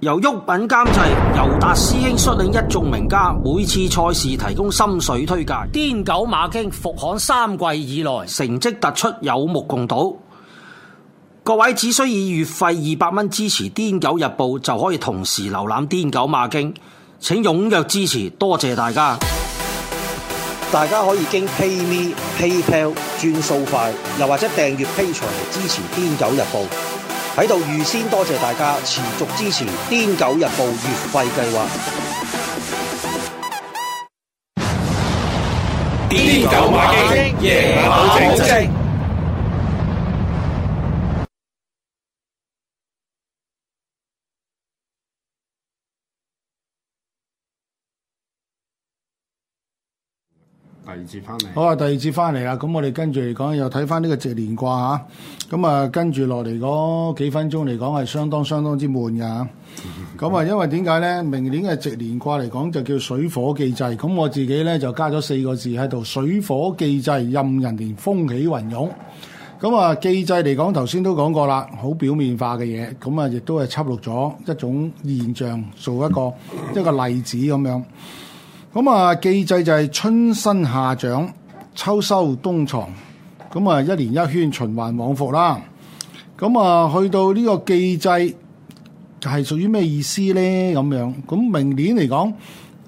由郁品監製，尤達師兄率領一眾名家，每次賽事提供心水推介。癲狗馬經復刊三季以來，成績突出，有目共睹。各位只需以月費二百蚊支持癲狗日報，就可以同時瀏覽癲狗馬經，請踴躍支持，多謝大家。大家可以經 PayMe PayPal 轉數快，又或者訂閱 Patreon 支持癲狗日報。喺度預先多謝大家持續支持《癲狗日報》月費計劃。癲狗馬經，夜晚靜靜。第二節翻嚟，好啊！第二節翻嚟啦，咁我哋跟住嚟講，又睇翻呢個值年卦吓，咁啊，啊跟住落嚟嗰幾分鐘嚟講，係相當相當之悶噶，咁 啊因為點解咧？明年嘅值年卦嚟講，就叫水火既濟，咁我自己咧就加咗四個字喺度：水火既濟，壬寅年風起雲湧。咁啊，既濟嚟講，頭先都講過啦，好表面化嘅嘢，咁啊亦都係輯錄咗一種現象，做一個一個例子咁樣。咁啊，機制就係春生夏長、秋收冬藏，咁啊一年一圈循環往復啦。咁啊，去到呢個機制係屬於咩意思呢？咁樣，咁明年嚟講，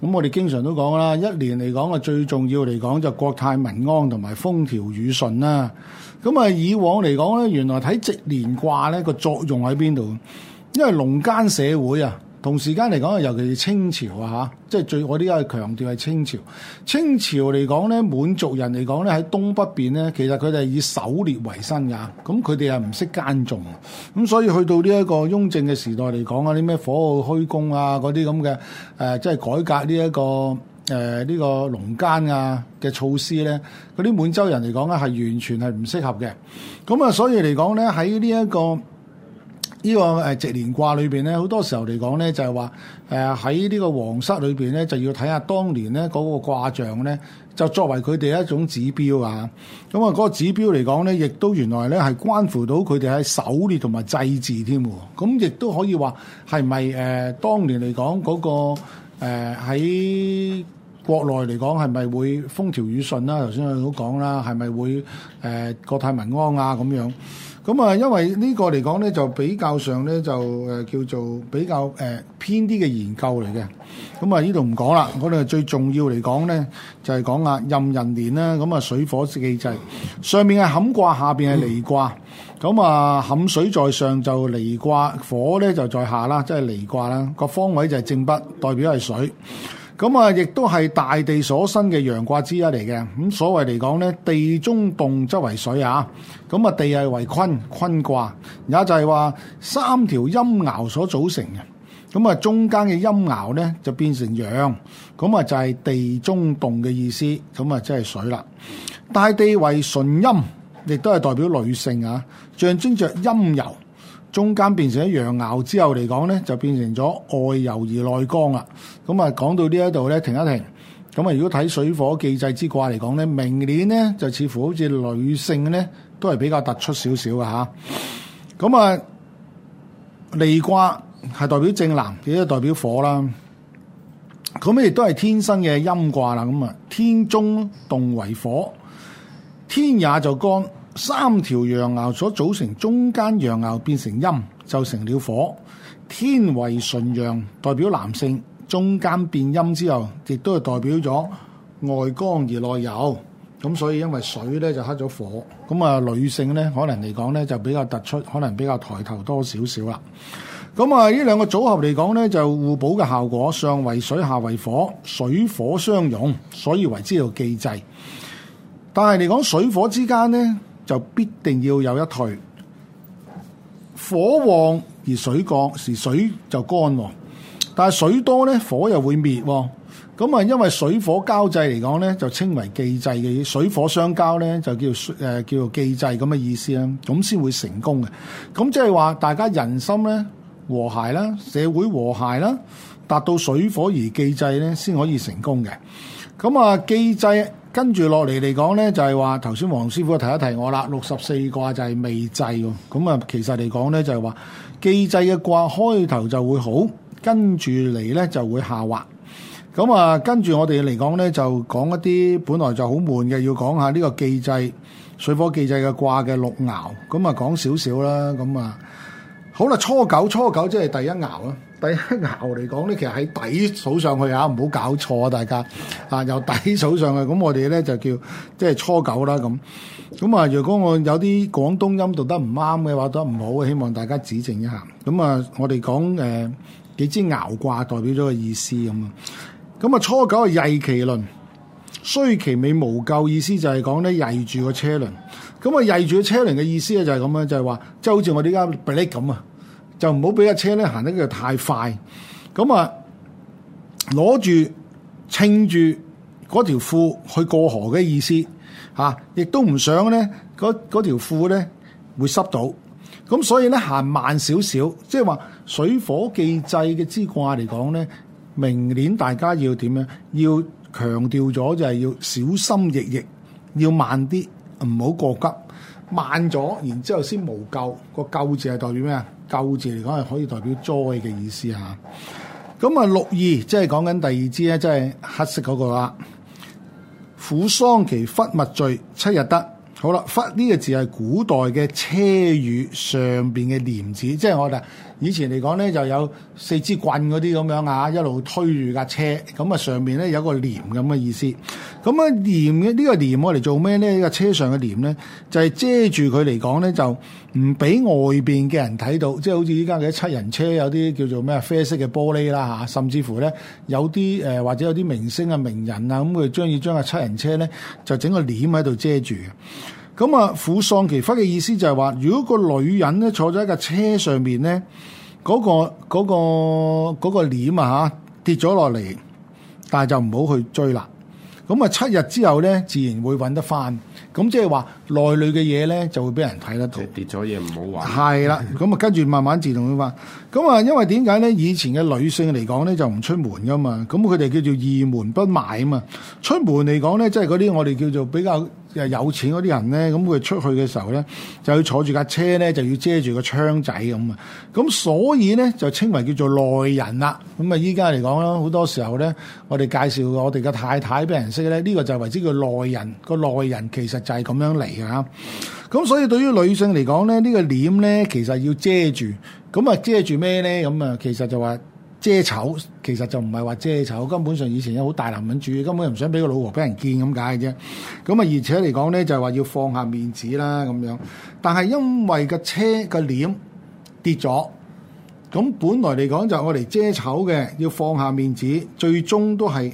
咁我哋經常都講啦，一年嚟講啊，最重要嚟講就國泰民安同埋風調雨順啦。咁啊，以往嚟講咧，原來睇值年卦咧個作用喺邊度？因為農耕社會啊。同時間嚟講啊，尤其是清朝啊嚇，即係最我呢家強調係清朝。清朝嚟講咧，滿族人嚟講咧，喺東北邊咧，其實佢哋係以狩獵為生㗎，咁佢哋係唔識耕種，咁所以去到呢一個雍正嘅時代嚟講啊，啲咩火耗歸公啊，嗰啲咁嘅誒，即係改革呢一個誒呢個農耕啊嘅措施咧，嗰啲滿洲人嚟講咧係完全係唔適合嘅。咁、嗯、啊，所以嚟講咧喺呢一個。呢個誒值年卦裏邊咧，好多時候嚟講咧，就係話誒喺呢個皇室裏邊咧，就要睇下當年咧嗰個卦象咧，就作為佢哋一種指標啊。咁、嗯、啊，嗰、那個指標嚟講咧，亦都原來咧係關乎到佢哋喺狩獵同埋祭祀添喎。咁、啊嗯、亦都可以話係咪誒當年嚟講嗰個喺、呃、國內嚟講係咪會風調雨順啦？頭先佢都講啦，係咪會誒、呃、國泰民安啊咁樣？咁啊，因為呢個嚟講咧，就比較上咧，就誒叫做比較誒、呃、偏啲嘅研究嚟嘅。咁啊，呢度唔講啦。我哋最重要嚟講咧，就係講啊壬寅年啦。咁啊，水火既濟，上面係坎卦，下邊係離卦。咁啊，坎水在上就離卦，火咧就在下啦，即係離卦啦。個方位就係正北，代表係水。咁啊，亦都係大地所生嘅陽卦之一嚟嘅。咁所謂嚟講咧，地中動則為水啊。咁啊，地係為坤，坤卦，也就係話三條陰爻所組成嘅。咁啊，中間嘅陰爻咧就變成陽，咁啊就係地中動嘅意思。咁啊，即係水啦。大地為純陰，亦都係代表女性啊，象徵着陰柔。中間變成一陽爻之後嚟講咧，就變成咗外柔而內剛啦。咁啊，講到呢一度咧，停一停。咁啊，如果睇水火既濟之卦嚟講咧，明年咧就似乎好似女性咧都係比較突出少少嘅吓。咁啊，離卦係代表正南，亦都代表火啦。咁亦都係天生嘅陰卦啦。咁啊，天中動為火，天也就乾。三條陽爻所組成，中間陽爻變成陰，就成了火。天為純陽，代表男性；中間變陰之後，亦都係代表咗外剛而內柔。咁所以因為水咧就克咗火，咁啊、呃、女性咧可能嚟講咧就比較突出，可能比較抬頭多少少啦。咁啊呢兩個組合嚟講咧就互補嘅效果，上為水，下為火，水火相融，所以為之叫既濟。但係嚟講水火之間咧。就必定要有一退。跟住落嚟嚟講呢，就係話頭先黃師傅提一提我啦，六十四卦就係未制濟嘅，咁、嗯、啊其實嚟講呢，就係話既濟嘅卦開頭就會好，跟住嚟呢就會下滑，咁、嗯、啊跟住我哋嚟講呢，就講一啲本來就好悶嘅，要講下呢個既濟水火既濟嘅卦嘅六爻，咁、嗯、啊講少少、嗯、啦，咁啊好啦初九初九即係第一爻啊。第一爻嚟講咧，其實喺底數上去嚇，唔好搞錯啊！大家啊，由底數上去，咁我哋咧就叫即係初九啦。咁咁啊，如果我有啲廣東音讀得唔啱嘅話，都唔好，希望大家指正一下。咁啊，我哋講誒幾支爻卦代表咗個意思咁啊。咁啊，初九係曳其輪，雖其美無咎，意思就係講咧曳住個車輪。咁啊，曳住個車輪嘅意思咧就係咁啦，就係話即係好似我呢家咁啊。就唔好俾架車咧行得叫太快，咁啊攞住稱住嗰條褲去過河嘅意思嚇，亦都唔想咧嗰嗰條褲咧會濕到，咁所以咧行慢少少，即係話水火既濟嘅之卦嚟講咧，明年大家要點咧？要強調咗就係要小心翼翼，要慢啲，唔好過急。慢咗，然之後先無咎。個咎字係代表咩啊？咎字嚟講係可以代表災嘅意思啊。咁、嗯、啊，六二即係講緊第二支咧，即係黑色嗰、那個啦。婦喪其茀，勿逐，七日得。好啦，茀呢、這個字係古代嘅車輿上邊嘅簾子，即係我哋。以前嚟講咧，就有四支棍嗰啲咁樣啊，一路推住架車，咁啊上面咧有個簾咁嘅意思。咁啊簾嘅呢個簾我嚟、這個、做咩咧？架、這個、車上嘅簾咧，就係、是、遮住佢嚟講咧，就唔俾外邊嘅人睇到。即係好似依家嘅七人車有啲叫做咩啡色嘅玻璃啦嚇，甚至乎咧有啲誒、呃、或者有啲明星啊名人啊咁，佢將要將個七人車咧就整個簾喺度遮住。咁啊，婦喪其茀嘅意思就係話，如果個女人咧坐咗喺架車上面咧，嗰個嗰個嗰個簾啊嚇跌咗落嚟，但係就唔好去追啦。咁啊，七日之後咧，自然會揾得翻。咁即係話內裏嘅嘢咧，就會俾人睇得到。跌咗嘢唔好玩。係啦， 咁啊，跟住慢慢自動去翻。咁啊，因為點解咧？以前嘅女性嚟講咧，就唔出門噶嘛。咁佢哋叫做二門不邁啊嘛。出門嚟講咧，即係嗰啲我哋叫做比較。就有錢嗰啲人咧，咁佢出去嘅時候咧，就要坐住架車咧，就要遮住個窗仔咁啊。咁所以咧就稱為叫做內人啦。咁啊，依家嚟講啦，好多時候咧，我哋介紹我哋嘅太太俾人識咧，呢、呢個就為之叫內人。個內人其實就係咁樣嚟嘅嚇。咁、啊、所以對於女性嚟講咧，呢個、呢個臉咧其實要遮住。咁啊，遮住咩咧？咁啊，其實就話。遮醜其實就唔係話遮醜，根本上以前有好大男人主義，根本又唔想俾個老婆俾人見咁解嘅啫。咁啊，而且嚟講咧就係話要放下面子啦咁樣。但係因為個車個簾跌咗，咁本來嚟講就我嚟遮醜嘅，要放下面子，最終都係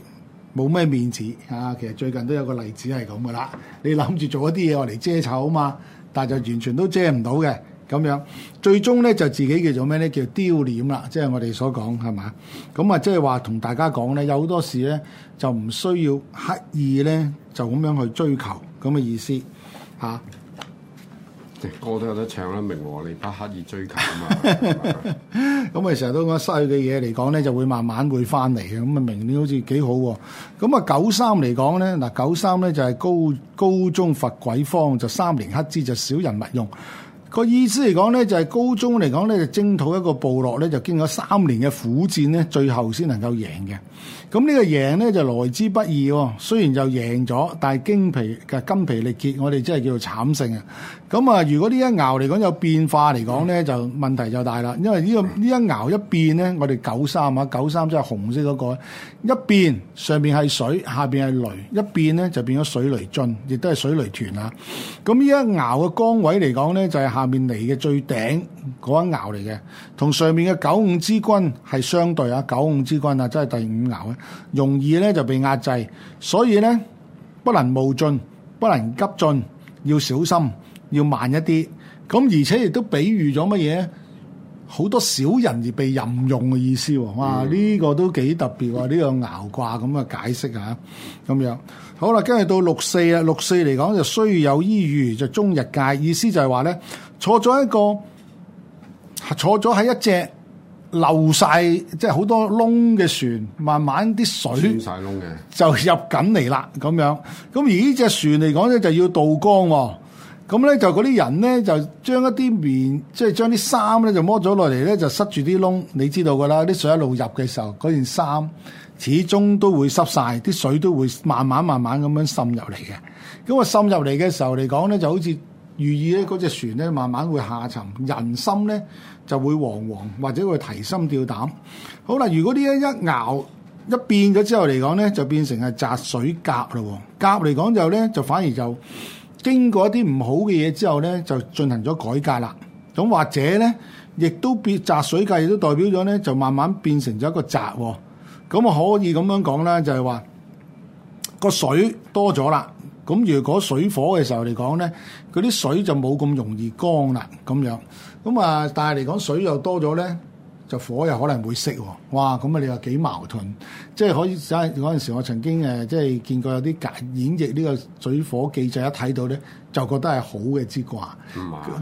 冇咩面子啊！其實最近都有個例子係咁噶啦，你諗住做一啲嘢我嚟遮醜嘛，但就完全都遮唔到嘅。咁樣，最終咧就自己叫做咩？咧，叫丟臉啦，即係我哋所講係嘛。咁啊，即係話同大家講咧，有好多事咧就唔需要刻意咧就咁樣去追求咁嘅意思吓。啊、歌都有得唱啦，明我你不刻意追求啊嘛。咁啊 吧，成日都講失去嘅嘢嚟講咧，就會慢慢會翻嚟嘅。咁啊，明年好似幾好。咁啊，九三嚟講咧，嗱九三咧就係高高宗伐鬼方，就三年克之，就小人勿用。個意思嚟講咧，就係、是、高中嚟講咧，就征討一個部落咧，就經過三年嘅苦戰咧，最後先能夠贏嘅。咁呢個贏咧就來之不易喎，雖然就贏咗，但係筋疲嘅筋疲力竭，我哋真係叫做慘勝啊！咁啊，如果呢一爻嚟講有變化嚟講咧，就問題就大啦，因為呢個呢一爻一變咧，我哋九三啊，九三即係紅色嗰個，一變上邊係水，下邊係雷，一變咧就變咗水雷屯，亦都係水雷屯啦。咁呢一爻嘅崗位嚟講咧，就係下邊嚟嘅最頂嗰一爻嚟嘅，同上面嘅九五之君係相對啊，九五之君啊，真係第五爻咧。容易呢，就被壓制，所以呢，不能冒進，不能急進，要小心，要慢一啲，咁而且亦都比喻咗乜嘢呢？好多小人而被任用嘅意思。哇，呢個都幾特別喎，呢個爻卦咁嘅解釋。咁樣，好啦，跟住到六四,六四嚟講，就需要有遺餘，就終日戒，意思就係話呢，坐咗一個，坐咗喺一隻漏晒，即係好多窿嘅船，慢慢啲水就入緊嚟啦。咁樣，咁而呢隻船嚟講咧，就要渡江喎，哦。咁咧就嗰啲人咧，就將一啲棉，即係將啲衫咧，就摸咗落嚟咧，就塞住啲窿。你知道㗎啦，啲水一路入嘅時候，嗰件衫始終都會濕晒，啲水都會慢慢慢慢咁樣滲入嚟嘅。咁啊滲入嚟嘅時候嚟講咧，就好似～寓意咧，嗰隻船咧慢慢會下沉，人心咧就會惶惶或者會提心吊膽。好啦，如果呢一一爻一變咗之後嚟講咧，就變成係澤水革啦。革嚟講就咧就反而就經過一啲唔好嘅嘢之後咧，就進行咗改革啦。咁或者咧，亦都變澤水革，亦都代表咗咧，就慢慢變成咗一個澤。咁啊可以咁樣講啦，就係話個水多咗啦。咁如果水火嘅時候嚟講咧，嗰啲水就冇咁容易乾啦，咁樣咁啊！但係嚟講水又多咗咧，就火又可能會熄喎。哇！咁啊，你話幾矛盾？即係可以，嗰陣時我曾經誒，即係見過有啲解演繹呢個水火既濟，一睇到咧就覺得係好嘅之卦。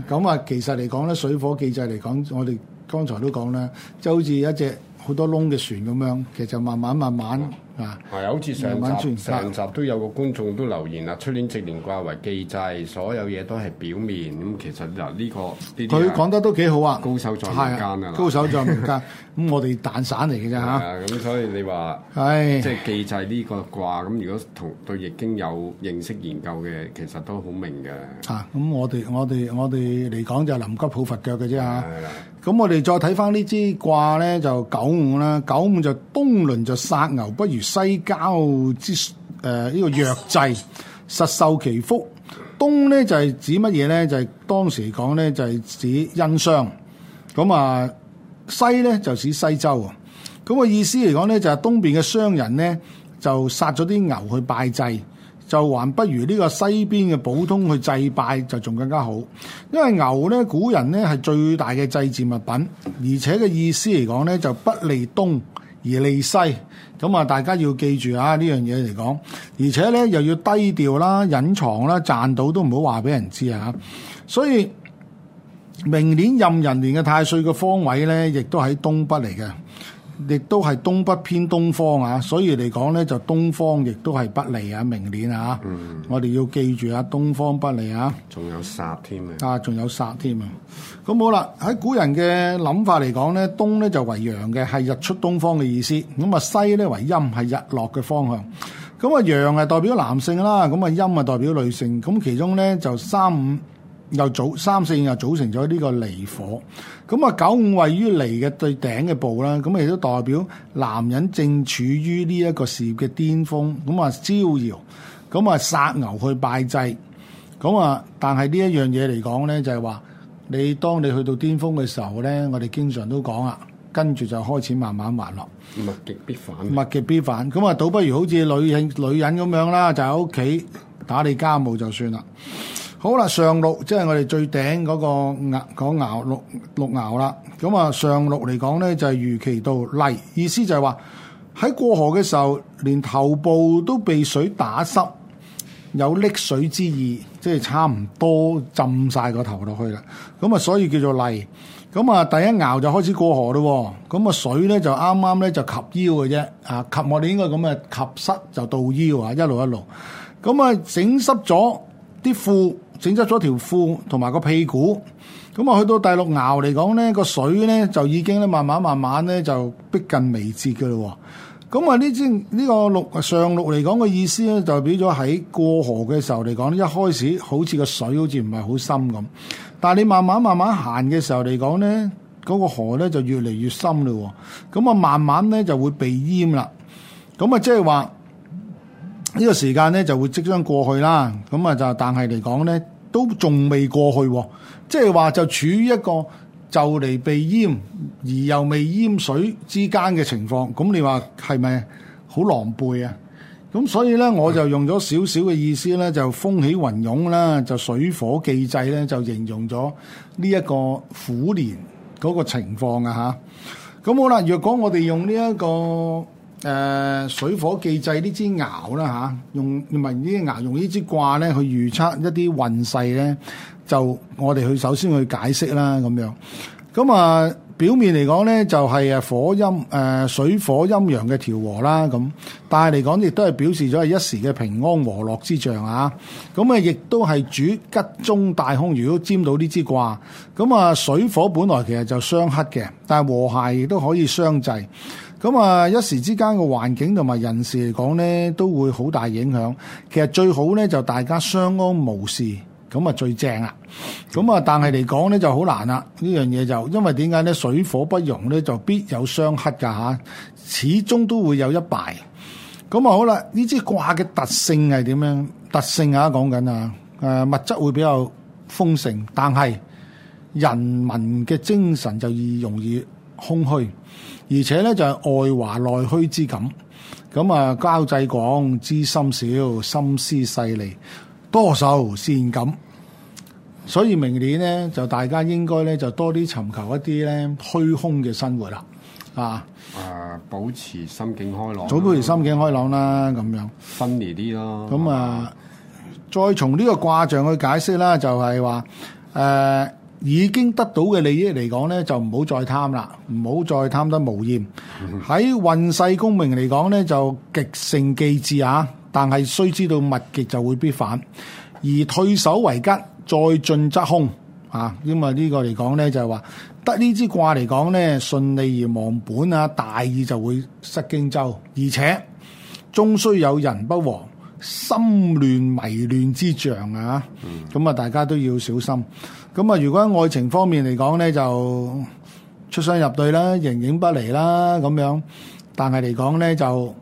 咁啊， 其實嚟講咧，水火既濟嚟講，我哋剛才都講啦，即係好似一隻，好多窿嘅船咁樣，其實慢慢慢慢、嗯、啊，係好似上集，上集都有個觀眾都留言啦。出年值年卦為既濟，所有嘢都係表面。咁其實嗱、這個，呢、這個佢講得都幾好啊，高手在民間 啊，高手在民間。咁我哋蛋散嚟嘅啫吓，咁所以你話，係唉即係既濟呢個卦。咁如果同對易經有認識研究嘅，其實都好明嘅。啊，咁我哋我哋我哋嚟講就臨急抱佛腳嘅啫吓。咁我哋再睇翻呢支卦咧，就九五啦。九五就東鄰就殺牛，不如西郊之誒呢、呃呢個約祭，實受其福。東咧就係指乜嘢咧？就係、是就是、當時嚟講咧，就係、是、指殷商。咁啊，西咧就指西周。啊。咁嘅意思嚟講咧，就係、是、東邊嘅商人咧，就殺咗啲牛去拜祭。就還不如呢個西邊嘅普通去祭拜就仲更加好，因為牛呢，古人呢係最大嘅祭祀物品，而且嘅意思嚟講呢就不利東而利西，咁啊大家要記住啊呢樣嘢嚟講，而且呢又要低調啦、隱藏啦、賺到都唔好話俾人知啊，所以明年壬寅年嘅太歲嘅方位呢，亦都喺東北嚟嘅。亦都係東北偏東方啊，所以嚟講咧就東方亦都係不利啊。明年啊，嗯、我哋要記住啊，東方不利啊，仲有煞添啊，啊仲有煞添啊。咁好啦，喺古人嘅諗法嚟講咧，東咧就為陽嘅，係日出東方嘅意思。咁啊西咧為陰，係日落嘅方向。咁啊陽係代表男性啦，咁啊陰啊代表女性。咁其中咧就三五。又組三四又組成咗呢個離火，咁啊九五位於離嘅最頂嘅部啦，咁亦都代表男人正處於呢一個事業嘅巔峯，咁啊招搖，咁啊殺牛去拜祭，咁啊但係呢一樣嘢嚟講咧，就係話你當你去到巔峯嘅時候咧，我哋經常都講啊，跟住就開始慢慢滑落，物極必反，物極必反，咁啊倒不如好似女人女人咁樣啦，就喺屋企打理家務就算啦。好啦，上六即係我哋最頂嗰個爻，嗰爻六六爻啦。咁啊，上六嚟講咧就係如期到溺，意思就係話喺過河嘅時候，連頭部都被水打濕，有溺水之意，即係差唔多浸晒個頭落去啦。咁啊，所以叫做溺。咁啊，第一爻就開始過河咯。咁啊，水咧就啱啱咧就及腰嘅啫。啊，及我哋應該咁啊，及膝就到腰啊，一路一路。咁啊，整濕咗啲褲。整濕咗條褲同埋個屁股，咁啊去到第六爻嚟講咧，個水咧就已經咧慢慢慢慢咧就逼近眉睫嘅咯。咁啊呢支呢個六上六嚟講嘅意思咧，就係表咗喺過河嘅時候嚟講，一開始好似個水好似唔係好深咁，但係你慢慢慢慢行嘅時候嚟講咧，嗰、嗰個河咧就越嚟越深嘞。咁啊慢慢咧就會被淹啦。咁啊即係話呢個時間咧就會即將過去啦。咁啊就但係嚟講咧，都仲未過去，即係話就處於一個就嚟被淹而又未淹水之間嘅情況。咁你話係咪好狼狽啊？咁所以呢，嗯、我就用咗少少嘅意思呢就風起雲湧啦，就水火既濟呢，就形容咗呢一個虎年嗰個情況啊！吓，咁好啦，若果我哋用呢、這、一個。誒、呃、水火既濟呢支爻啦嚇，用唔係呢支爻，用呢支卦咧去預測一啲運勢咧，就我哋去首先去解釋啦咁樣。咁啊表面嚟講咧就係、是、誒火陰誒、呃、水火陰陽嘅調和啦咁，但係嚟講亦都係表示咗係一時嘅平安和樂之象啊。咁啊亦都係主吉中大凶，如果占到呢支卦，咁啊水火本來其實就相克嘅，但係和諧亦都可以相濟。咁啊，一時之間嘅環境同埋人事嚟講咧，都會好大影響。其實最好咧就大家相安無事，咁啊最正啦。咁啊，但係嚟講咧就好難啦。呢樣嘢就因為點解咧？水火不容咧，就必有相克噶嚇。始終都會有一敗。咁啊好啦，呢支卦嘅特性係點樣？特性啊，講緊啊，誒、呃、物質會比較豐盛，但係人民嘅精神就易容易。空虛，而且咧就係外華內虛之感，咁啊交際廣，知心少，心思細膩，多愁善感。所以明年咧就大家應該咧就多啲尋求一啲咧虛空嘅生活啦，啊！誒，保持心境開朗，早不如心境開朗啦，啊，咁樣，分離啲咯。咁啊，再從呢個卦象去解釋啦，就係話誒，呃已經得到嘅利益嚟講咧，就唔好再貪啦，唔好再貪得無厭。喺 運勢功名嚟講咧，就極盛即至啊！但係須知道物極就會必反，而退守為吉，再進則凶啊！因為呢個嚟講咧，就係話得呢支卦嚟講咧，順利而忘本啊，大意就會失荊州，而且終須有人不和，心亂迷亂之象啊！咁啊，大家都要小心。咁啊，如果喺愛情方面嚟講咧，就出雙入對啦，形影不離啦咁樣。但係嚟講咧，就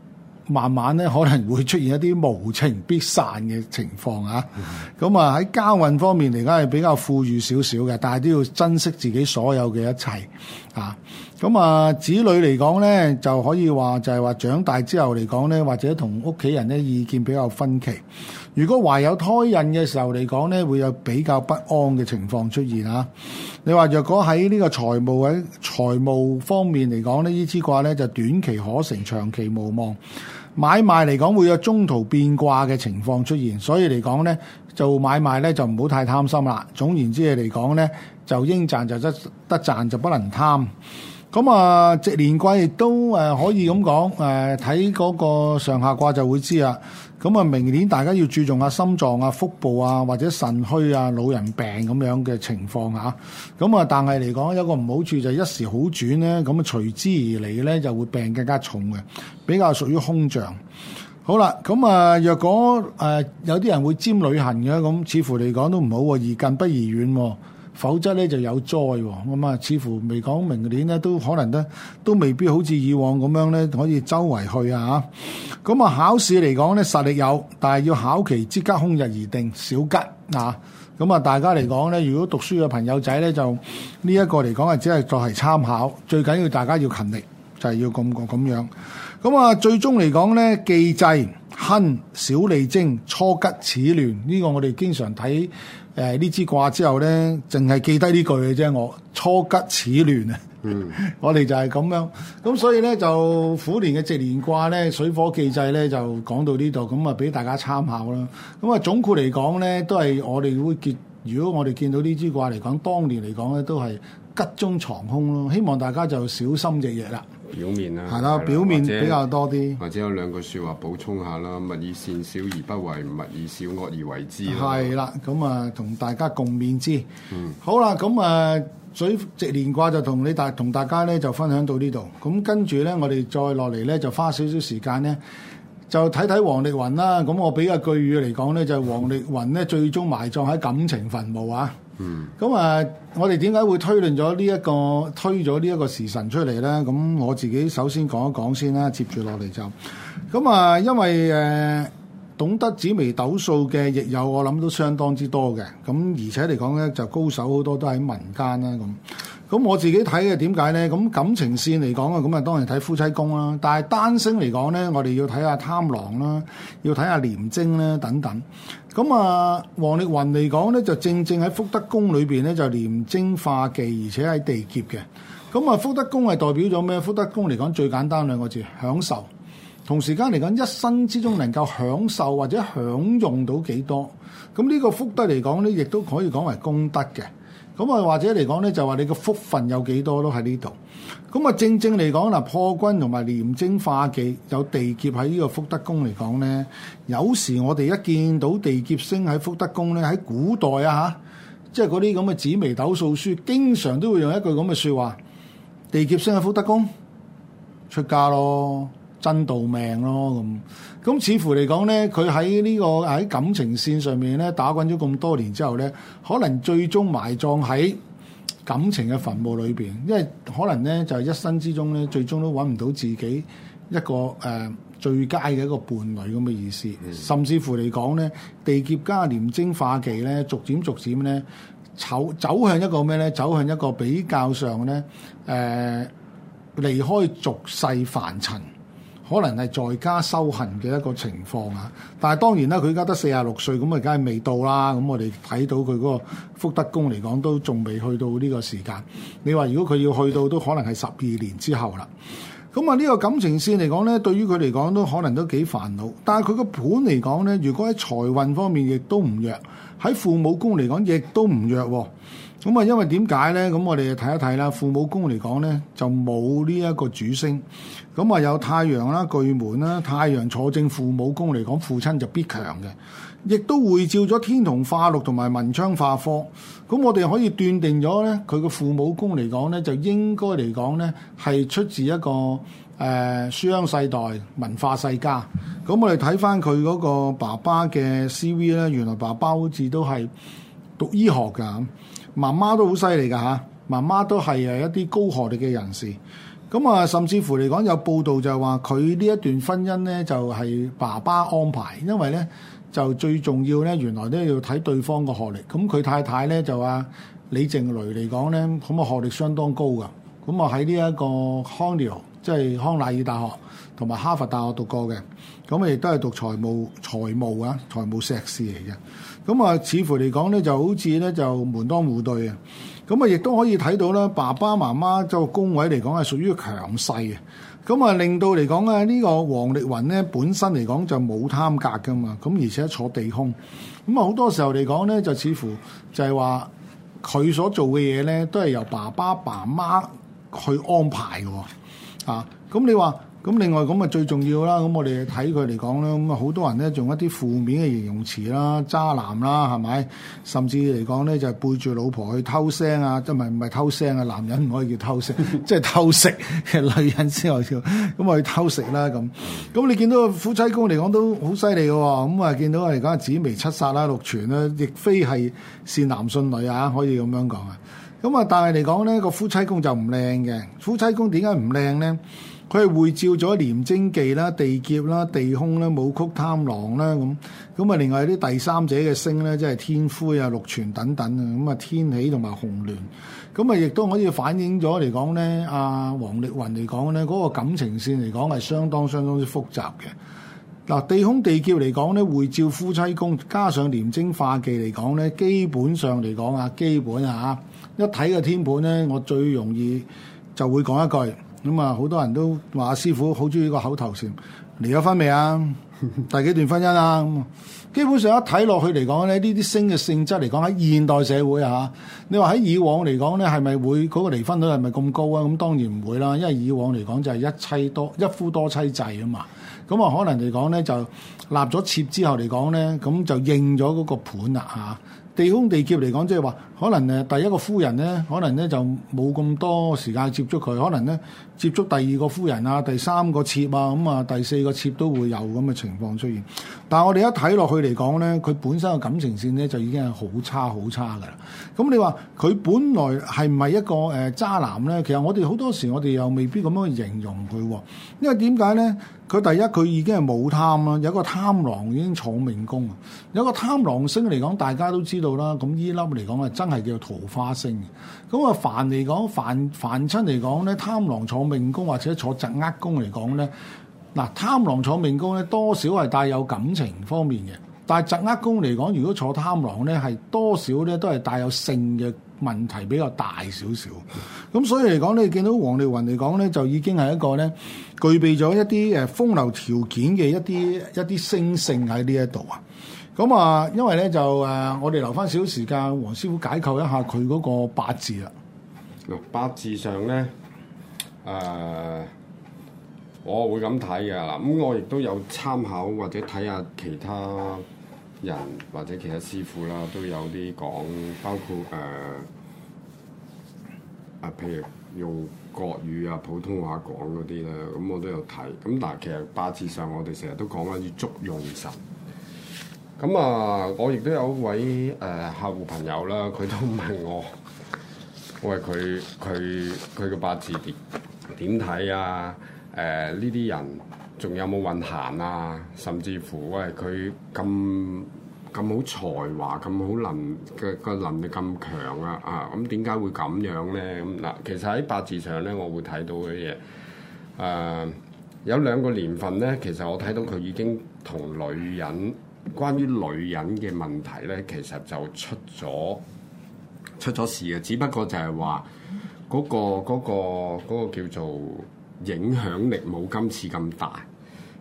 慢慢咧，可能會出現一啲無情必散嘅情況、嗯、啊。咁啊，喺家運方面嚟講，係比較富裕少少嘅，但係都要珍惜自己所有嘅一切啊。咁啊，子女嚟講咧，就可以話就係、是、話長大之後嚟講咧，或者同屋企人咧意見比較分歧。如果懷有胎孕嘅時候嚟講咧，會有比較不安嘅情況出現啊！你話若果喺呢個財務、喺財務方面嚟講咧，呢支卦咧就短期可成，長期無望。買賣嚟講會有中途變卦嘅情況出現，所以嚟講咧做買賣咧就唔好太貪心啦。總言之嚟講咧，就應賺就得得賺，就不能貪。咁啊，值年卦亦都誒、呃、可以咁講誒，睇、呃、嗰個上下卦就會知啦。咁啊，明年大家要注重下心臟啊、腹部啊或者腎虛啊、老人病咁樣嘅情況啊。咁啊，但係嚟講有一個唔好處就係一時好轉咧，咁啊隨之而嚟咧就會病更加重嘅，比較屬於空脹。好啦，咁啊，若果誒有啲人會兼旅行嘅，咁似乎嚟講都唔好，宜近不宜遠。否則咧就有災喎，咁啊，似乎未講明年咧都可能都都未必好似以往咁樣咧，可以周圍去啊，咁、嗯、啊考試嚟講咧實力有，但係要考期即刻空日而定，小吉啊。咁、嗯、啊大家嚟講咧，如果讀書嘅朋友仔咧就呢一、這個嚟講啊，只係作係參考，最緊要大家要勤力，就係、是、要咁個咁樣，咁啊、嗯、最終嚟講咧，既濟、亨、小利貞、初吉此、亂，呢、這個我哋經常睇。誒，呢支卦之後咧，淨係記低呢句嘅啫。我初吉始亂啊，嗯、 我哋就係咁樣。咁所以咧，就虎年嘅值年卦咧，水火既濟咧，就講到呢度。咁啊，俾大家參考啦。咁啊，總括嚟講咧，都係我哋會結。如果我哋見到呢支卦嚟講，當年嚟講咧，都係。吉中藏凶咯，希望大家就小心隻嘢，小心翼翼啦。表面啦，係啦，表面比較多啲。或者有兩句説話補充下啦，勿以善小而不為，勿以小惡而為之啦。係啦，咁啊，同大家共勉之。嗯，好啦，咁啊，水直連卦就同你大同大家咧就分享到呢度。咁跟住咧，我哋再落嚟咧就花少少時間咧，就睇睇王力宏啦。咁我俾個句語嚟講咧，就係王力宏咧最終埋葬喺感情墳墓啊！咁啊、嗯，我哋點解會推論咗呢一個推咗呢一個時辰出嚟咧？咁我自己首先講一講先啦，接住落嚟就，咁啊，因為誒。呃懂得紫微斗數嘅亦有，我諗都相當之多嘅。咁而且嚟講咧，就高手好多都喺民間啦。咁，咁我自己睇嘅點解咧？咁感情線嚟講啊，咁啊當然睇夫妻宮啦。但係單星嚟講咧，我哋要睇下貪狼啦，要睇下廉貞啦等等。咁啊，王力宏嚟講咧，就正正喺福德宮裏邊咧，就廉貞化忌，而且喺地劫嘅。咁啊，福德宮係代表咗咩？福德宮嚟講最簡單兩個字，享受。同時間嚟講，一生之中能夠享受或者享用到幾多？咁呢個福德嚟講呢，亦都可以講為功德嘅。咁啊，或者嚟講呢，就話你個福分有幾多都喺呢度。咁啊，正正嚟講嗱，破軍同埋廉貞化忌有地劫喺呢個福德宮嚟講呢，有時我哋一見到地劫星喺福德宮呢，喺古代啊嚇，即係嗰啲咁嘅紫微斗數書，經常都會用一句咁嘅説話：地劫星喺福德宮，出家咯。真倒命咯咁，咁似乎嚟講呢，佢喺呢個，喺感情線上面呢，打滾咗咁多年之後呢，可能最終埋葬喺感情嘅墳墓裏邊，因為可能呢就係、是、一生之中呢最終都揾唔到自己一個誒、呃、最佳嘅一個伴侶咁嘅意思。嗯、甚至乎嚟講呢地劫加廉貞化忌呢，逐漸逐漸呢走走向一個咩呢？走向一個比較上呢，誒、呃、離開俗世凡塵，可能係在家修行嘅一個情況啊，但係當然啦，佢而家得四十六歲，咁啊，梗係未到啦。咁我哋睇到佢嗰個福德宮嚟講，都仲未去到呢個時間。你話如果佢要去到，都可能係十二年之後啦。咁啊，呢個感情線嚟講咧，對於佢嚟講都可能都幾煩惱，但係佢個盤嚟講咧，如果喺財運方面亦都唔弱，喺父母宮嚟講亦都唔弱喎、哦。咁啊，因為點解咧？咁我哋睇一睇啦。父母宮嚟講咧，就冇呢一個主星，咁啊有太陽啦、巨門啦。太陽坐正父母宮嚟講，父親就必強嘅。亦都會照咗天同化祿同埋文昌化科。咁我哋可以斷定咗咧，佢個父母宮嚟講咧，就應該嚟講咧係出自一個誒、呃、書香世代、文化世家。咁我哋睇返佢嗰個爸爸嘅 C V 咧，原來爸爸好似都係讀醫學㗎。媽媽都好犀利㗎嚇，媽媽都係誒一啲高學歷嘅人士。咁啊，甚至乎嚟講有報道就係話佢呢一段婚姻咧就係、是、爸爸安排，因為咧就最重要咧原來咧要睇對方嘅學歷。咁佢太太咧就阿李靜蕾嚟講咧，咁啊學歷相當高㗎。咁啊喺呢一個康尼，即係康乃爾大學同埋哈佛大學讀過嘅。咁佢亦都係讀財務、財務啊、財務碩士嚟嘅。咁啊，似乎嚟講咧，就好似咧就門當戶對啊！咁啊，亦都可以睇到咧，爸爸媽媽就宮位嚟講係屬於強勢嘅。咁啊，令到嚟講啊，呢個王力宏咧本身嚟講就冇貪格㗎嘛，咁而且坐地空。咁啊，好多時候嚟講咧，就似乎就係話佢所做嘅嘢咧，都係由爸爸爸媽去安排嘅。啊，咁、嗯、你話？咁另外，咁啊最重要啦，咁我哋睇佢嚟講啦，咁啊好多人咧用一啲負面嘅形容詞啦，渣男啦，係咪？甚至嚟講咧就係、是、背住老婆去偷腥啊，即係唔係偷腥啊？男人唔可以叫偷， 偷食，即係偷食嘅女人先可以叫咁去偷食啦。咁，咁你見到夫妻宮嚟講都好犀利嘅喎，咁啊見到嚟講紫微七煞啦、祿存啦，亦非係善男信女啊，可以咁樣講啊。咁啊，但係嚟講咧個夫妻宮就唔靚嘅，夫妻宮點解唔靚咧？佢係會照咗廉貞忌啦、地劫啦、地空啦、武曲貪狼啦咁，咁啊，另外啲第三者嘅星咧，即係天魁啊、祿存等等啊，咁啊，天喜同埋紅鸞，咁啊，亦都可以反映咗嚟講咧，阿、啊、王力宏嚟講咧，嗰、那個感情線嚟講係相當相當之複雜嘅。嗱，地空地劫嚟講咧，會照夫妻宮，加上廉貞化忌嚟講咧，基本上嚟講啊，基本啊，一睇個天盤咧，我最容易就會講一句。咁啊，好多人都話師傅好中意個口頭禪，離咗婚未啊？第幾段婚姻啊？咁基本上一睇落去嚟講咧，呢啲星嘅性質嚟講喺現代社會嚇，你話喺以往嚟講咧，係咪會嗰個離婚率係咪咁高啊？咁當然唔會啦，因為以往嚟講就係一妻多一夫多妻制啊嘛，咁啊，可能嚟講咧就立咗妾之後嚟講咧，咁就應咗嗰個盤啦嚇。地空地劫嚟講，即係話可能誒第一個夫人咧，可能咧就冇咁多時間接觸佢，可能咧接觸第二個夫人啊、第三個妾啊、咁、嗯、啊、第四個妾都會有咁嘅情況出現。但係我哋一睇落去嚟講咧，佢本身嘅感情線咧就已經係好差好差㗎喇。咁、嗯、你話佢本來係唔係一個誒渣男咧？其實我哋好多時我哋又未必咁樣去形容佢、哦，因為點解咧？佢第一佢已經係冇貪啦，有一個貪狼已經坐命宮。有個貪狼星嚟講，大家都知道啦。咁依粒嚟講，係真係叫桃花星嘅。咁啊，凡嚟講，凡凡親嚟講咧，貪狼坐命宮或者坐疾厄宮嚟講咧，嗱，貪狼坐命宮咧，多少係帶有感情方面嘅。但係疾厄宮嚟講，如果坐貪狼咧，係多少咧都係帶有性嘅問題比較大少少。咁所以嚟講，你見到王力宏嚟講咧，就已經係一個咧，具備咗一啲誒風流條件嘅一啲一啲星性喺呢一度啊。咁啊、嗯，因為咧就誒、啊，我哋留翻少少時間，黃師傅解構一下佢嗰個八字啦。嗱，八字上咧，誒、呃，我會咁睇嘅嗱。咁、嗯、我亦都有參考或者睇下其他人或者其他師傅啦，都有啲講，包括誒、呃，啊，譬如用國語啊、普通話講嗰啲咧，咁、嗯、我都有睇。咁、嗯、嗱，其實八字上我哋成日都講緊要捉用神。咁啊、嗯！我亦都有位誒、呃、客戶朋友啦，佢都問我：喂，佢佢佢嘅八字點點睇啊？誒呢啲人仲有冇運行啊？甚至乎喂佢咁咁好才華，咁好能嘅嘅能力咁強啊！啊，咁點解會咁樣咧？咁嗱，其實喺八字上咧，我會睇到嘅嘢誒有兩個年份咧，其實我睇到佢已經同女人。關於女人嘅問題咧，其實就出咗出咗事嘅，只不過就係話嗰個嗰個嗰個叫做影響力冇今次咁大。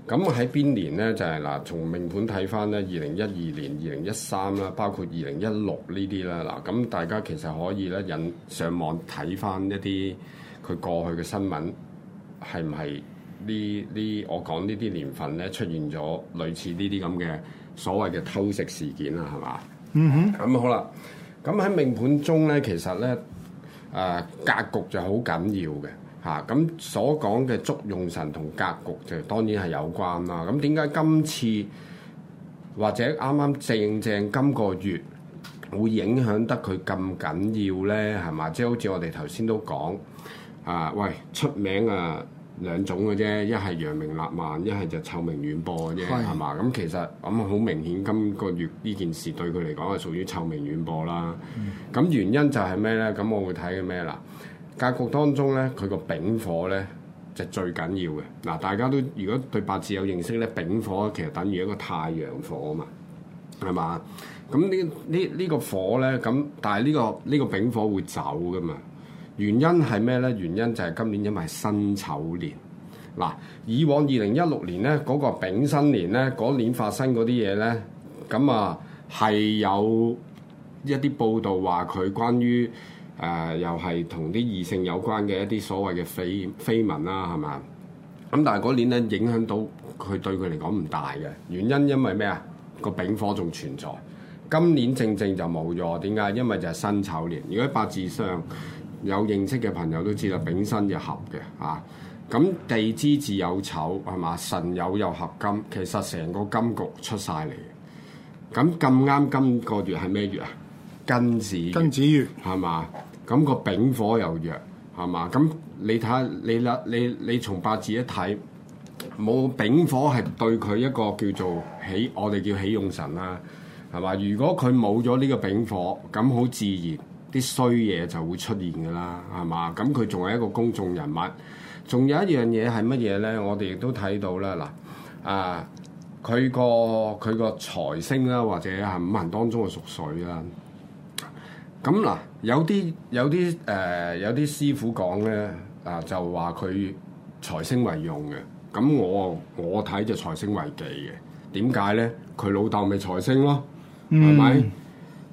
咁喺邊年咧？就係嗱，從命盤睇翻咧，二零一二年、二零一三啦，包括二零一六呢啲啦，嗱，咁大家其實可以咧引上網睇翻一啲佢過去嘅新聞，係唔係呢？呢我講呢啲年份咧，出現咗類似呢啲咁嘅。所謂嘅偷食事件啦，係嘛？嗯哼，咁、嗯、好啦。咁喺命盤中咧，其實咧，誒、呃、格局就好緊要嘅嚇。咁、啊、所講嘅捉用神同格局就當然係有關啦。咁點解今次或者啱啱正正今個月會影響得佢咁緊要咧？係嘛？即、就、係、是、好似我哋頭先都講啊，喂，出名啊！兩種嘅啫，一係揚名立萬，一係就臭名遠播嘅啫，係嘛是的？咁其實咁好明顯，今個月呢件事對佢嚟講係屬於臭名遠播啦。咁、嗯、原因就係咩咧？咁我會睇嘅咩啦？格局當中咧，佢個丙火咧就最緊要嘅。嗱，大家都如果對八字有認識咧，丙火其實等於一個太陽火啊嘛，係嘛？咁呢呢呢個火咧，咁但係呢、呢個呢、呢個丙火會走㗎嘛。原因係咩咧？原因就係今年因為辛丑年嗱，以往二零一六年咧嗰、那個丙申年咧嗰、那個、年發生嗰啲嘢咧，咁、嗯、啊係有一啲報道話佢關於誒、呃、又係同啲異性有關嘅一啲所謂嘅緋緋聞啦，係嘛咁？但係嗰年咧影響到佢對佢嚟講唔大嘅原因，因為咩啊、那個丙火仲存在，今年正正就冇咗，點解？因為就係辛丑年，如果八字上。有認識嘅朋友都知啦，丙辛就合嘅，啊，咁地支自有丑，係嘛？申酉又合金，其實成個金局出晒嚟。咁咁啱今個月係咩月啊？庚子，庚子月係嘛？咁個丙火又弱，係嘛？咁你睇下你啦，你你，你，你從八字一睇，冇丙火係對佢一個叫做喜，我哋叫喜用神啦，係嘛？如果佢冇咗呢個丙火，咁好自然。啲衰嘢就會出現嘅啦，係嘛？咁佢仲係一個公眾人物，仲有一樣嘢係乜嘢呢？我哋亦都睇到啦，嗱，啊，佢個佢個財星啦，或者係五行當中嘅屬水啦。咁嗱，有啲有啲誒、呃、有啲師傅講呢，啊就話佢財星為用嘅，咁我我睇就財星為忌嘅。點解呢？佢老豆咪財星咯，係咪、嗯？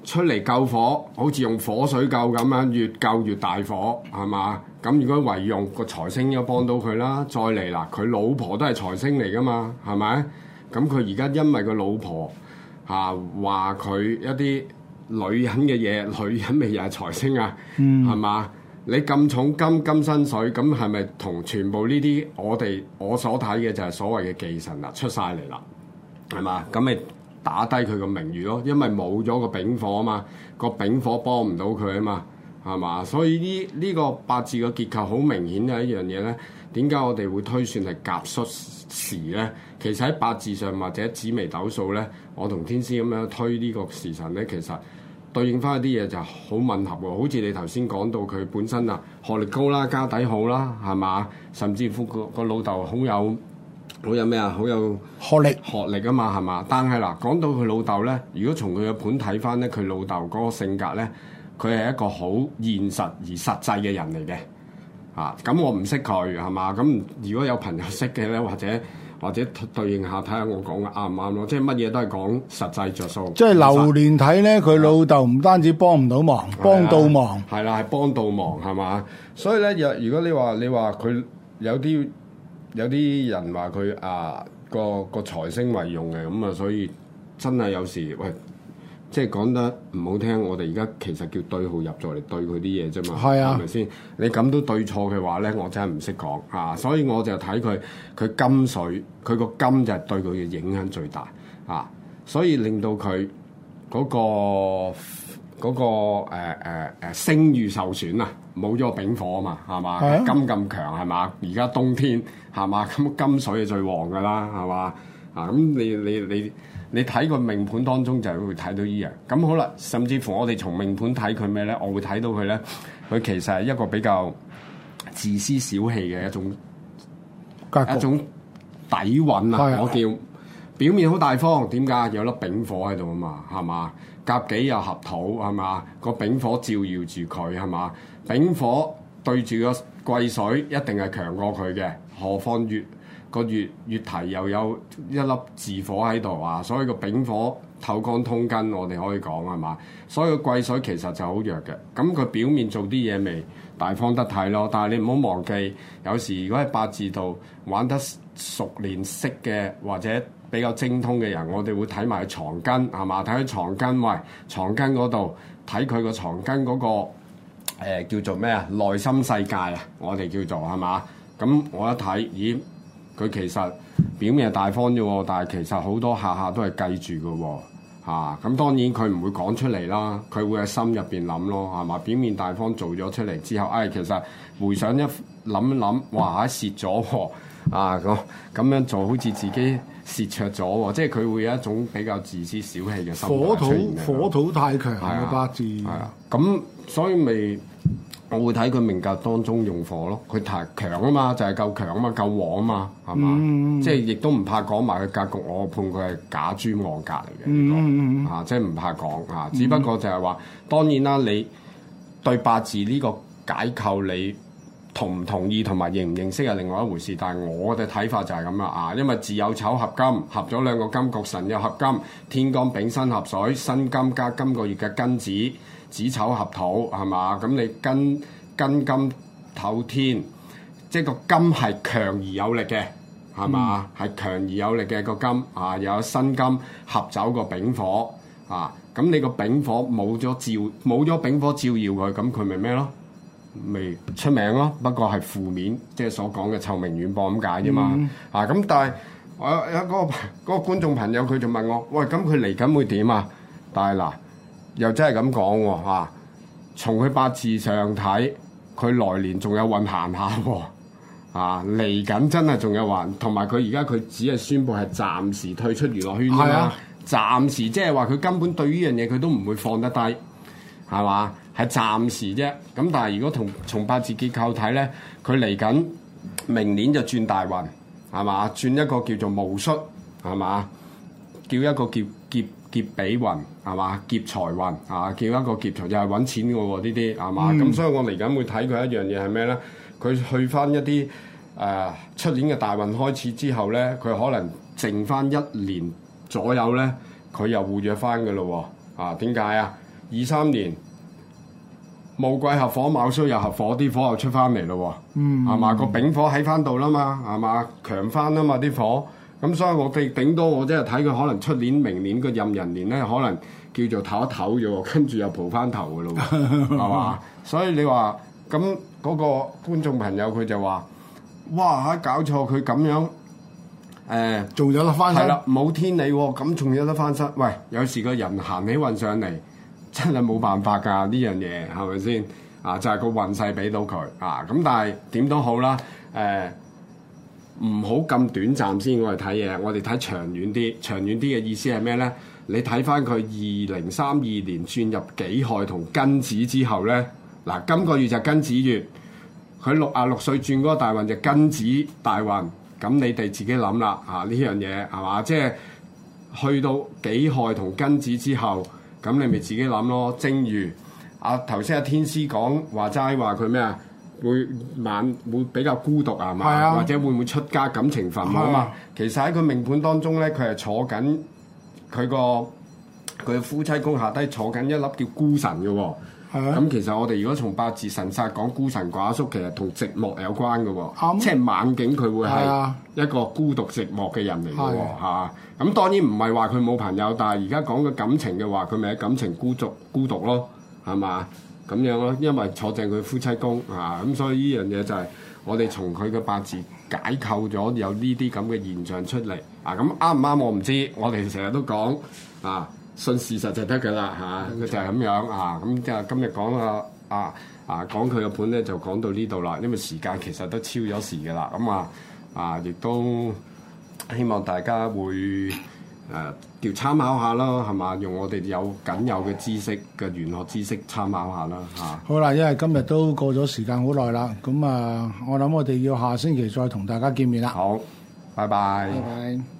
出嚟救火，好似用火水救咁樣，越救越大火，係嘛？咁如果為用個財星又幫到佢啦，再嚟啦，佢老婆都係財星嚟㗎嘛，係咪？咁佢而家因為個老婆嚇話佢一啲女人嘅嘢，女人咪又係財星啊，係嘛、嗯？你咁重金金身水，咁係咪同全部呢啲我哋我所睇嘅就係所謂嘅忌神啊出晒嚟啦，係嘛？咁你，打低佢個名譽咯，因為冇咗個丙火啊嘛，個丙火幫唔到佢啊嘛，係嘛？所以呢呢、這個八字個結構好明顯係一樣嘢咧。點解我哋會推算係甲戌時咧？其實喺八字上或者紫微斗數咧，我同天獅咁樣推呢個時辰咧，其實對應翻一啲嘢就好吻合喎。好似你頭先講到佢本身啊，學歷高啦，家底好啦，係嘛？甚至乎個個老豆好有。好有咩啊？好有學歷，學歷㗎嘛，係嘛？但係嗱，講到佢老豆呢，如果從佢嘅盤睇翻呢，佢老豆嗰個性格呢，佢係一個好現實而實際嘅人嚟嘅。咁、啊、我唔識佢係嘛？咁如果有朋友識嘅呢，或者或者對應下睇下我講嘅啱唔啱咯。就是、即係乜嘢都係講實際着數。即係流年睇呢，佢、啊、老豆唔單止幫唔到忙，幫、啊、到忙係啦，係幫到忙係嘛？所以呢，如果你話你話佢有啲。有啲人話佢啊個個財星為用嘅，咁啊所以真係有時喂，即係講得唔好聽，我哋而家其實叫對號入座嚟對佢啲嘢啫嘛，係啊，係咪先？你咁都對錯嘅話咧，我真係唔識講啊，所以我就睇佢佢金水，佢個金就係對佢嘅影響最大啊，所以令到佢。嗰個嗰個誒誒誒聲譽受損啊，冇咗個丙火啊嘛，係嘛，金咁強係嘛，而家冬天係嘛，咁金水係最旺噶啦，係嘛啊，咁你你你你睇個命盤當中就會睇到呢樣，咁好啦，甚至乎我哋從命盤睇佢咩咧，我會睇到佢咧，佢其實係一個比較自私小氣嘅一種局一種底蘊啊，我叫。表面好大方，點解？有粒丙火喺度啊嘛，係嘛？甲己又合土，係嘛？個丙火照耀住佢，係嘛？丙火對住個癸水，一定係強過佢嘅。何況月個月月提又有一粒字火喺度啊，所以個丙火透干通根，我哋可以講係嘛？所以個癸水其實就好弱嘅。咁佢表面做啲嘢咪大方得體咯，但係你唔好忘記，有時如果係八字度玩得熟練識嘅，或者～比較精通嘅人，我哋會睇埋床根，係嘛？睇佢床根喂，床根嗰度睇佢個床根嗰、嗰個、呃、叫做咩啊？內心世界啊！我哋叫做係嘛？咁我一睇，咦，佢其實表面係大方啫喎，但係其實好多下下都係計住嘅喎，嚇、啊！咁當然佢唔會講出嚟啦，佢會喺心入邊諗咯，係嘛？表面大方做咗出嚟之後，唉、哎，其實回想一諗一諗，哇！蝕咗啊！咁咁樣做好似自己蝕着咗喎，即係佢會有一種比較自私小氣嘅心態出現嘅。火土火土太強啊，八字，係啊，咁所以咪我會睇佢命格當中用火咯，佢太強啊嘛，就係、是、夠強啊嘛，夠旺啊嘛，係嘛，嗯、即係亦都唔怕講埋佢格局，我判佢係假豬旺格嚟嘅，啊，即係唔怕講啊，只不過就係話，當然啦，你對八字呢個解構你。同唔同意同埋認唔認識係另外一回事，但係我嘅睇法就係咁啦啊！因為自有丑合金，合咗兩個金局神又合金，天干丙辛合水，辛金加今個月嘅庚子，子丑合土係嘛？咁你庚庚金透天，即係個金係強而有力嘅係嘛？係、嗯、強而有力嘅個金啊！又有辛金合走個丙火啊！咁你個丙火冇咗照冇咗丙火照耀佢，咁佢咪咩咯？未出名咯，不過係負面，即係所講嘅臭名遠播咁解啫嘛。嚇咁、嗯啊，但係我有個嗰、嗰個觀眾朋友佢仲問我：喂，咁佢嚟緊會點啊？但係嗱、啊，又真係咁講喎嚇。從佢八字上睇，佢來年仲有運行下喎、啊。啊，嚟緊真係仲有運，同埋佢而家佢只係宣布係暫時退出娛樂圈啫嘛、啊。啊、暫時即係話佢根本對呢樣嘢佢都唔會放得低，係嘛？係暫時啫，咁但係如果從從八字結構睇咧，佢嚟緊明年就轉大運，係嘛？轉一個叫做戊戌，係嘛？叫一個叫劫劫，劫比運，係嘛？劫財運啊，叫一個劫財，又係揾錢嘅喎呢啲，係嘛？咁、嗯、所以我嚟緊會睇佢一樣嘢係咩咧？佢去翻一啲誒出年嘅大運開始之後咧，佢可能剩翻一年左右咧，佢又換約翻嘅咯喎。啊，點解啊？二三年。冇癸合火，卯戌又合火，啲火，火又出翻嚟咯嗯，係、那個、嘛？個丙火喺翻度啦嘛，係嘛？強翻啦嘛，啲火。咁所以我哋頂多我真係睇佢可能出年、明年個壬人年咧，可能叫做唞一唞咗，跟住又蒲翻頭噶咯，係嘛？ 所以你話咁嗰個觀眾朋友佢就話：哇嚇搞錯佢咁樣，誒、呃，仲有得翻身？係啦，冇天理喎、哦！咁仲有得翻身？喂，有時個人行起運上嚟。真係冇辦法㗎呢樣嘢，係咪先啊？就係個運勢俾到佢啊！咁但係點都好啦，誒唔好咁短暫先我哋睇嘢。我哋睇長遠啲，長遠啲嘅意思係咩呢？你睇翻佢二零三二年轉入己亥同庚子之後呢。嗱、啊，今個月就庚子月，佢六啊六歲轉嗰個大運就庚子大運，咁你哋自己諗啦啊！呢樣嘢係嘛？即係去到己亥同庚子之後。咁你咪自己諗咯。正如阿頭先阿天師講話齋話佢咩啊？會晚會比較孤獨是啊嘛，或者會唔會出家感情糾葛嘛？其實喺佢命盤當中咧，佢係坐緊佢個佢夫妻宮下低坐緊一粒叫孤神嘅喎、哦。咁、嗯、其實我哋如果從八字神煞講孤神寡宿，其實同寂寞有關嘅喎，嗯、即係晚景佢會係一個孤獨寂寞嘅人嚟嘅喎，咁的、啊嗯、當然唔係話佢冇朋友，但係而家講嘅感情嘅話，佢咪喺感情孤獨、孤獨咯，係嘛咁樣咯。因為坐正佢夫妻宮啊，咁、嗯、所以呢樣嘢就係我哋從佢嘅八字解構咗，有呢啲咁嘅現象出嚟啊。咁啱唔啱我唔知，我哋成日都講啊。信事實就得嘅啦嚇，佢就係咁樣啊！咁就今、是、日、啊啊啊、講個啊啊講佢個本咧，就講到呢度啦。因為時間其實都超咗時嘅啦，咁啊啊亦都希望大家會誒叫參考下咯，係嘛？用我哋有僅有嘅知識嘅玄學知識參考下啦嚇。啊、好啦，因為今日都過咗時間好耐啦，咁啊，我諗我哋要下星期再同大家見面啦。好，拜拜。拜拜。